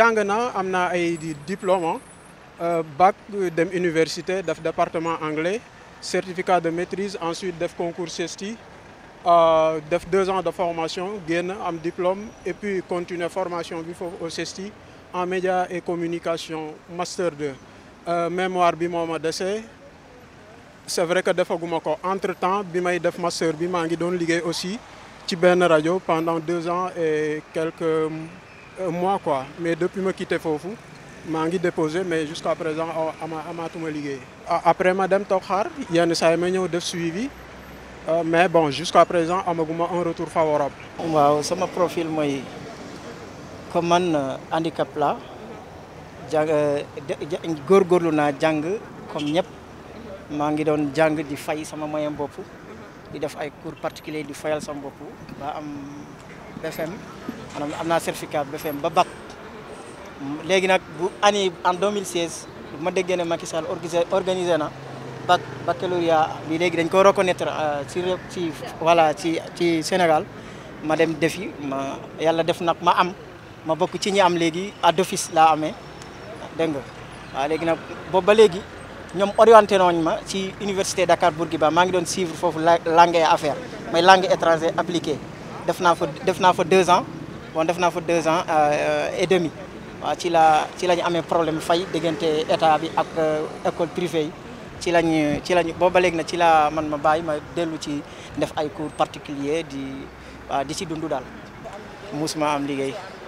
Jangana amna diplôme euh, bac euh, dem université daf département anglais certificat de maîtrise ensuite def concours CESTI euh, def deux ans de formation un am diplôme et puis une formation bi au CESTI en médias et communication master 2 mémoire bi moma de c'est vrai que defaguma ko entre temps bi may def master bi maa ngi doon aussi ci benn radio pendant deux ans et quelques euh, mois quoi mais depuis ma quitté Fofu, maa ngi déposé mais jusqu'à présent ama amaatuma ligue. après Madame Tokhar, il y yenn saa yi qui def suivi euh, mais bon jusqu'à présent amaguma un retour favorable. waaw sama profil mooy comme un handicap la jàng euh, góorgóorlu na jàng comme ñëpp. maa ngi doon jàng di fay sama moyen bopp di def ay cours particulier di fayal sama boppu ba am BFM maanaam am naa certificat BFM ba bac léegi nag bu année en 2016 bu ma déggee ne Macky Sall organisé organisé na bac baccalauréat bi léegi dañ ko reconnaître euh, ci ci voilà ci ci Sénégal ma dem defi ma yàlla def nag ma am ma bokk ci ñi am léegi à d'office laa amee dégg nga nag boobu ba léegi ñom orienté nañ ma ci université Dakar Bourguiba ma ngi doon suivre fofu langue et affaires mooy langue étrangère appliquée def naa fa def naa fa 2 ans bon def naa fa 2 ans euh, et demi wa ci la ci lañ amé problème fay diggante état bi ak euh, école privée ci lañ ci lañ bo léegi na ci la man ma bay ma dellu ci def ay cours particulier di waaw di ci dund dal musuma am liguey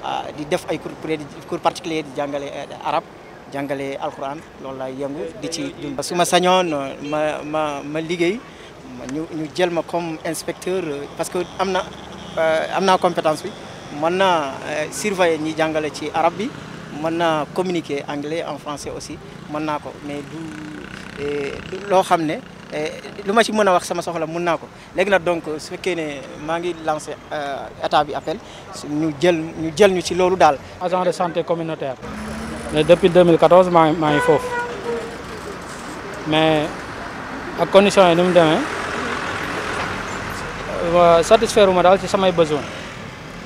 Ah, di def ay cours pré cours particulier di jàngale eh, arab jàngale alquran loolu laay yëngu di ci dund su ma sañoon euh, ma ma ma liggéey ñu ñu jël ma comme inspecteur euh, parce que am na euh, am naa compétence bi mën naa surveiller ñi jàngale ci arab bi mën naa communiqué anglais en français aussi mën naa ko mais du eh, loo xam ne Eh, lu ma ci mëna wax sama soxla mun naa ko léegi nag donc su fekkee né ma ngi lancé euh, état bi appel ñu jël ñu jël ñu ci lolu dal agent de santé communautaire. mais depuis 2014 ma ngi maa ngi foofu mais ak conditions yi ni mu demee satisfaire ma daal ci samay besoin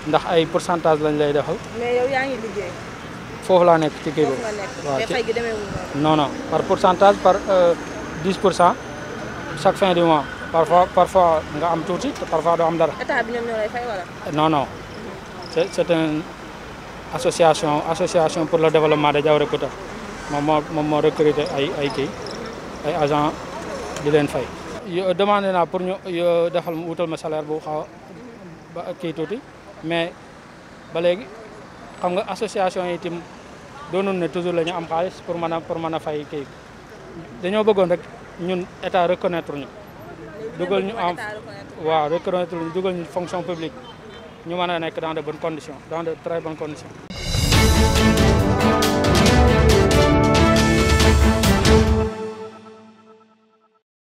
ndax ay pourcentage lañ lay defal. mais yow yaa ngi liggéey. foofu la nekk ci la fay boobu. démé wu non non par pourcentage par 10 euh, chaque fin du mois parfois parfois nga am tuuti parfois doo am dara. no bi ñoom ñoo association association pour le développement de Diaorékouta moom moo moom moo recruter ay ay kii ay agent di leen fay. yo demandé naa pour ñu defal wutal ma salaire bu xaw ba kii tuuti mais ba léegi xam nga association yi doo doonoon ne toujours la ñu am xaalis pour mën a pour mën a fay kii dañoo bëggoon rek. ñun état reconnaître ñu dugal ñu en waaw reconnaître ñu dugal ñu fonction publique ñu mën a nekk dans de bonnes conditions dans de très bonnes conditions